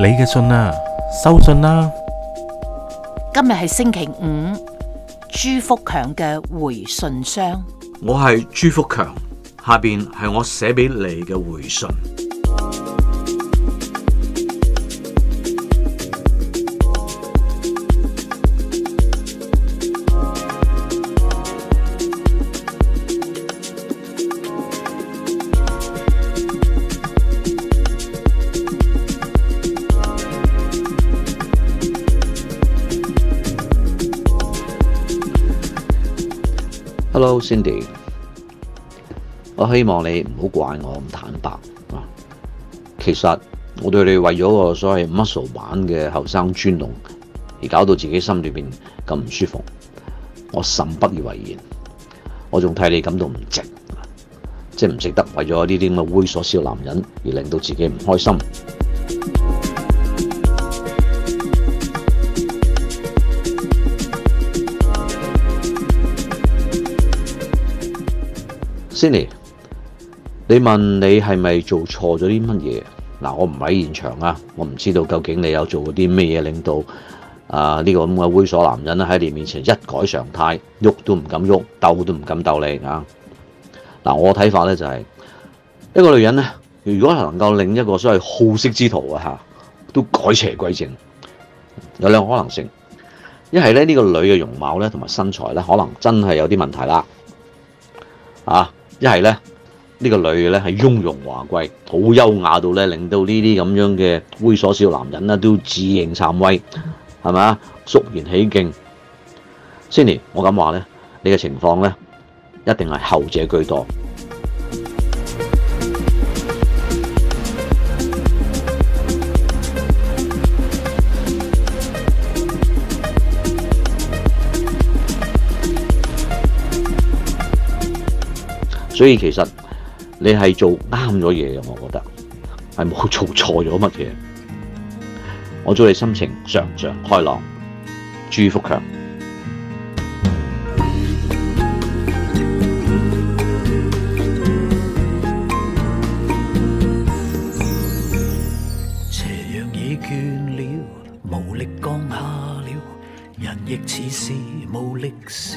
你嘅信啊，收信啦，啊！今日係星期五，朱福強嘅回信箱。我係朱福強，下邊係我寫俾你嘅回信。Hello，Cindy，我希望你唔好怪我咁坦白啊。其實我對你為咗個所謂 muscle 玩嘅後生專弄而搞到自己心裏邊咁唔舒服，我甚不以為然。我仲替你感到唔值，即係唔值得為咗呢啲咁嘅猥瑣小男人而令到自己唔開心。Cindy，你問你係咪做錯咗啲乜嘢？嗱，我唔喺現場啊，我唔知道究竟你有做過啲咩嘢，令到啊呢個咁嘅猥瑣男人咧喺你面前一改常態，喐都唔敢喐，鬥都唔敢鬥你啊！嗱，我睇法咧就係、是、一個女人咧，如果係能夠令一個所謂好色之徒啊吓都改邪歸正，有兩個可能性，一係咧呢個女嘅容貌咧同埋身材咧，可能真係有啲問題啦，啊！一係咧呢個女嘅咧係雍容華貴，好優雅到咧，令到呢啲咁樣嘅猥瑣小男人啦，都自認慚愧，係咪啊？肅然起敬。Cindy，我咁話咧，你嘅情況咧一定係後者居多。所以其實你係做啱咗嘢嘅，我覺得係冇做錯咗乜嘢。我祝你心情常常開朗，朱福強。斜陽已倦了，無力降下了，人亦似是無力笑。